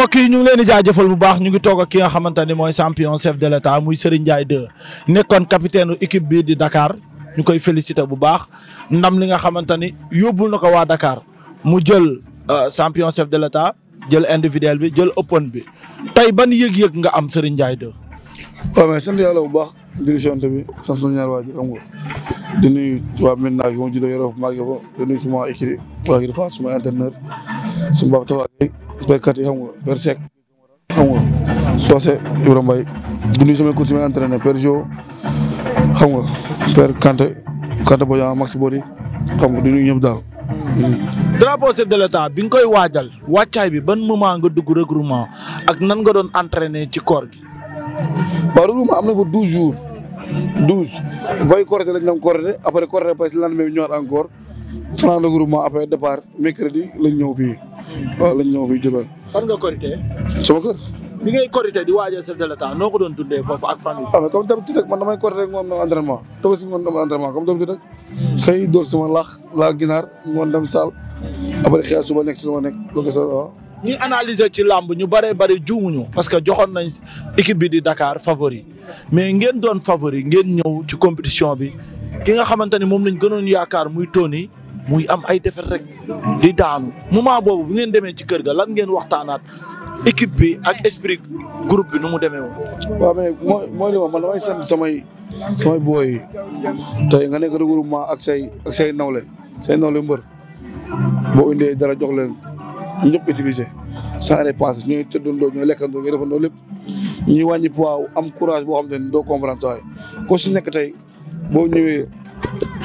mbokk yi ñu ngi leen di jaajëfal bu baax ñu ngi toog ak ki nga xamante ni mooy champion chef de l'état muy Serigne Ndiaye 2 nekkoon capitaine équipe bii di dakaar ñu koy féliciter bu baax ndam li nga xamante ni yóbbul na ko waa dakaar mu jël euh, champion chef de l'état jël individuel bi jël open bi tey ban yëg-yëg nga am Serigne Ndiaye 2. waaw mais sant yàlla bu baax direction bi sant suñu ñaar waajur xam nga di nuyu suma écrit waa suma entraîneur suñu baax Tafa Gueye béykat yi xam nga Père Seck xam nga Socé Ibrahima Mbaye du nuyu sama coach yi may Jo xam nga Père Kanté Kanté Bojan Max Bori xam nga du nuyu ñëpp daal. drapeau chef de l'État bi nga koy waajal wàccaay bi ban moment nga dugg regroupement ak nan nga doon entraîné ci koor gi. waaw regroupement am na fa douze jour douze. voy Korité lañ dem Korité après Korité parce que lendemain bi ñëwaat encore. franc regroupement après départ mercredi lañ ñëw fii waaw lañ ñëw fii Diourbel. fan nga korité. sama kër. bi ngay di waajal chef de l'État noo ko doon dundee foofu ak famille. ah mais comme d'habitude rek man damay korité rek ngoon dem entraînement tabaski ngoon dem entraînement comme d'habitude rek laa ginaar ngoon dem saal après xëy suba nekk si sama nekk lu ci làmb ñu bëree bëri juumuñu parce que joxoon nañ équipe bi di dakaar favori mais ngeen doon favori ngeen ñëw ci compétition bi ki nga xamante ni moom lañ gënoon yaakaar muy Tony muy am ay defet rek di daanu moment boobu bu ngeen demee ci kër ga lan ngeen waxtaanaat équipe bi ak esprit groupe bi nu mu demee woon. waaw mais mooy mooy li ma man damay sant samay samay booy tey nga nekk regroupement ak say ak say nawle say nawle mbër boo indee dara jox leen ñëpp utiliser sans dépense ñooy tëddandoo ñooy lekkandoo ñooy defandoo lépp ñuy wàññi poids am courage boo xam ne doo comprendre saa ko si nekk tey boo ñëwee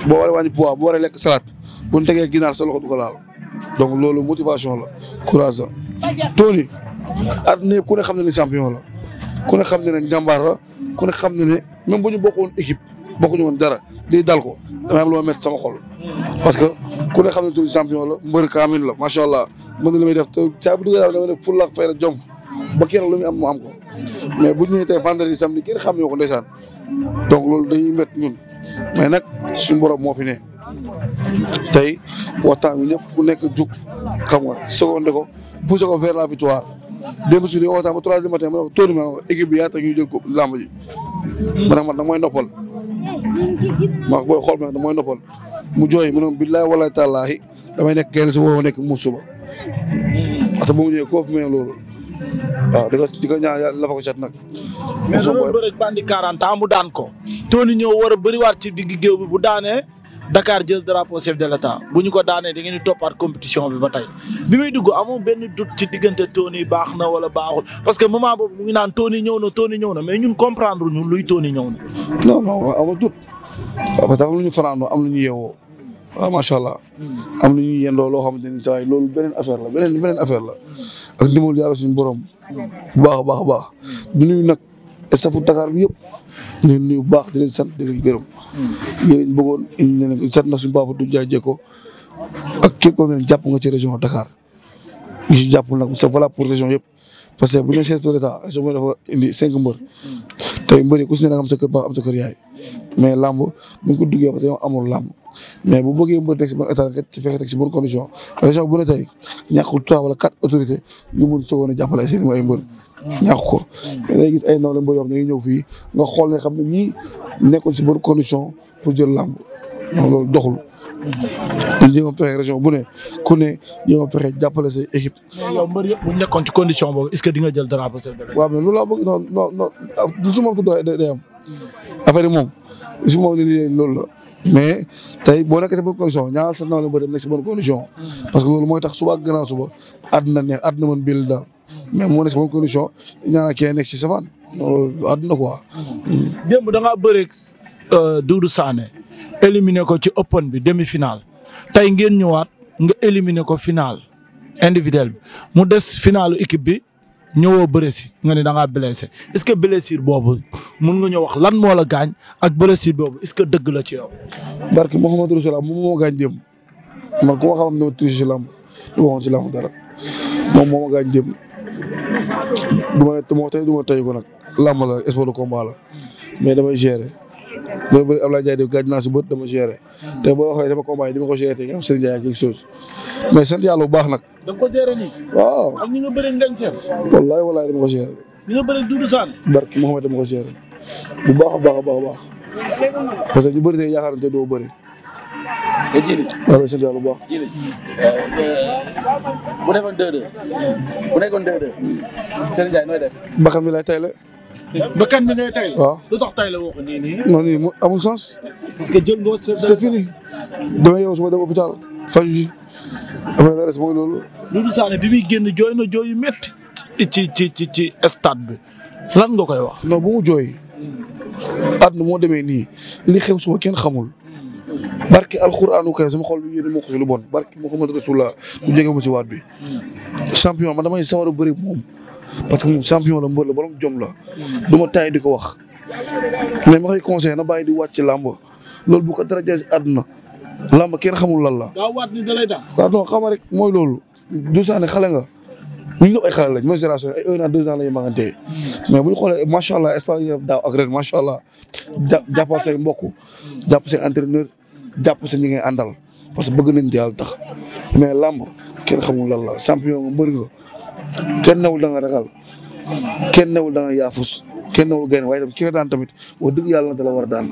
boo waree wàññi poids boo waree lekk salade bu ñu tegee ginaar sa loxo du ko laal donc loolu motivation la courage la. Tony àdduna yëpp ku ne xam ne ne champion la ku xam ne ne jàmbaar la ku ne xam ne ne même bu ñu bokkoon équipe bokkuñu woon dara lii dal ko damay am lu sama xol. parce que ku ne xam ne Tony champion la mbër kaamil la macha allah mën na li may def te saa bu duggee daal dama def mu am ko mais bu ñu ñëwee tey vendredi samedi kenn xam ne ko ndeysaan donc loolu dañuy métti ñun mais nag suñu borom moo fi ne. tey waxtaan bi ñëpp ku nekk jug xam nga secondé ko poussé ko vers la victoire démb si di waxtaan ba trois du matin ma ne ko ma équipe bi yaa ma ne man booy xool ma nag noppal mu jooy mu ne billaahi wallaahi taalaahi damay nekk kenn su ma nekk mu suba waxta bu mu ñëwee koo fi mu loolu waaw di ko ñaan yàlla lafa cat nag. mais war a bëriwaat ci digg géew bi bu daanee. Dakar jël drapeau chef de l'état bu ñu ko daanee da ngeen di toppaat compétition bi ba tey bi muy dugg amoo benn doute ci diggante Tony baax na wala baaxul parce que moment boobu mu ngi naan Tony ñëw na Tony ñëw na mais ñun comprendre ñu luy Tony ñëw na. non non amul doute parce que am lu ñu fanaanoo am lu ñu yeewoo waaw ah, macha allah am na ñuy yendoo loo xamante ni saa yi loolu beneen affaire la beneen beneen affaire la ak ndimbalu yàlla suñu borom bu baax baax a baax du nuyu nag. stafu Dakar bi yëpp ñu bu baax di leen sant di leen gërëm. yéen bëggoon ñu leen sant na suñu Papa du Ndiaye Diecko ak képp koo xam jàpp nga ci région Dakar ñu si jàpp nag pour région yëpp. parce que bu ñu nee chef de l'État région bi dafa indi cinq mbër tey mbër ku si ne nag am sa kër baax am sa yaay mais lamb bu ko duggee ba amul làmb mais bu bëggee mbër teg si bon état ci fekkee teg si bonne condition région bu ne tey ñàkkul trois wala quatre autorités yu mun soogoon a jàppale seen ay mbër. ñàkk ko mais mm. day gis ay ndaw la mbër yoo xam ne ñëw fii nga xool ne xam ne ñii nekkoon si bonne condition pour jël làmb mm. doxul dañ jéem a fexe région bu ne ku ne jéem a fexe jàppale sa équipe. mais yow mbër ci condition boobu est di nga jël drapeau chef de l'État. ma ko doxee day am mm. affaire yi moom su loolu la. mais tey boo nekkee si bonne condition ñaar sa naw la mbër dem nekk si bonne condition. parce que loolu mooy tax suba ak gannaaw suba àddina neex àddina mën bil daal. mais moo nekk si moom condition ñaanal kii nekk si safaan àdduna quoi. Mm-hmm. démb da ngaa bëreeg euh, Doudou Sané éliminé ko ci open bi demi final tey ngeen ñëwaat nga éliminé ko final individuel bi mu des finalu équipe bi ñëwoo bëre nga ne da ngaa blessé est ce que blessure boobu mun nga ñëw wax lan moo la gaañ ak blessure boobu est ce que dëgg la ci yow. barke Mouhamadou Rasulullah moom si lamb du ma waxoon si moom moo gaañ démb. du ma ne du ma tey ko nag la sport de combat la mais damay gérer loolu bëri Abdoulaye Ndiaye di gàj naa si dama gérer te boo waxee sama combat yi di ma ko gérer te nga am Serigne Ndiaye quelque chose mais sant yàlla bu baax nag. da ko gérer nii. waaw ak dama ko gérer. ñi nga bëri dama ko gérer bu baax a baax parce que ñu bëri tey yaakaar naa te doo bëri. nga ji li. waaw sant yàlla bu baax ji li. bu euh, nekkoon 2-2 bu nekkoon 2-2 Serigne Ndiaye nooy def. bakkan bi lay tayle. bakkan bi ngay tayle. waaw lu tax tayle woo ko nii nii. non nii mu amul sens. parce que jël nga c'est fini. damay yow su ma dem hôpital faju ji am na res mooy loolu. Doudou Sané bi muy génn jooy na jooy yu métti. ci ci ci ci stade bi lan nga koy wax. non bu mu jooy. àdduna moo demee nii li xew suma kenn xamul. barke alxuraanu kay sama xol bi yéen moo ko si lu bon barke Muhammad Rasulullah ku jege ma si waat bi. champion man damay sawar a bëri moom. parce que moom champion la mbër la borom la. du ma taay di ko wax. mais ma koy conseillé na bàyyi di wàcc làmb loolu bu ko dara jaay àdduna làmb kenn xamul lan la. daa waat ni dalay tax. rek mooy loolu. du saane xale nga. mu ñëpp ay xale lañ mooy génération ay un an mais bu xoolee macha allah espagnol daaw ak ren macha allah say mbokk jàpp say entreneur jàpp sa ñi ngay àndal parce que bëgg nañ te yàlla tax mais làmb kenn xamul lan la champion nga mbër nga kenn newul da nga ragal kenn newul da nga yaafus kenn newul gaynde waaye tam ki nga daan tamit wax yàlla da la war a daan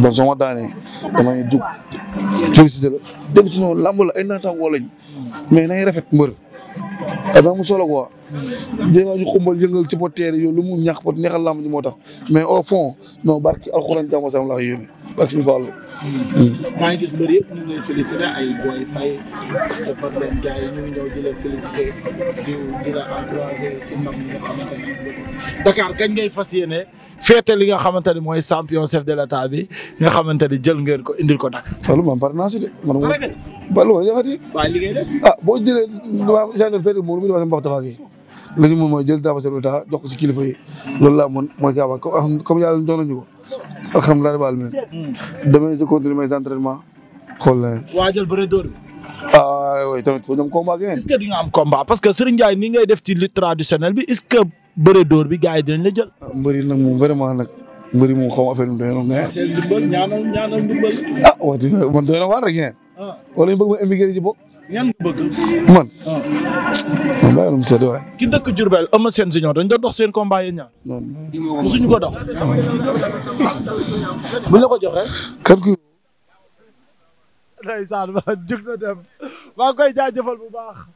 bon soo ma daanee damay si félicité la dem si noonu làmb la ay naataangoo lañ mais nañ rafet mbër dafa am solo quoi jéem a ñu xumbal yëngal supporter yow lu mu ñàkk pot neexal làmb ji moo tax mais au fond non barki alxuraan jàmm sam laa yéene ak ngi gis mbër yëpp ñu ngi lay ay Boy Faye parce li nga xamante fas yéene féete li nga xamante ne mooy champion chef de l'état bi nga xamante ne jël ngeen ko indil ko Dakar. loolu man pare naa de. man moom pare nga ci waaye li ngay def. ah boo jëlee waaw genre féete moom mooy jël daaw a seetlu jox si kilifa yi loolu laa mën mooy kaa comme yàlla jox nañu ko alhamdulilah rabbil alamin demain je continue mes entraînements xool na e. waajal bëre dóor bi ah oui tamit foo ñoom combat ngeen est-ce que du am combat parce que Serigne ni ngay def ci lutte traditionnelle bi est-ce bëre dóor bi gars yi dinañ la jël mbëri nag moom vraiment nag mbëri moom xaw ma affaire bi nga ah waaw man waar rek ñeen ah. wala ñu bëgg ma émigré ji bokk ñan bëgg man ah. maalum sedd waay. ki dëkk Diourbel Eumeu Sène Junior dañ doon dox seen combat yéen ñaar. non ko dox. buñ ko joxee. kan ku. ndeysaan ma jug na dem maa ngi koy jaajëfal bu baax.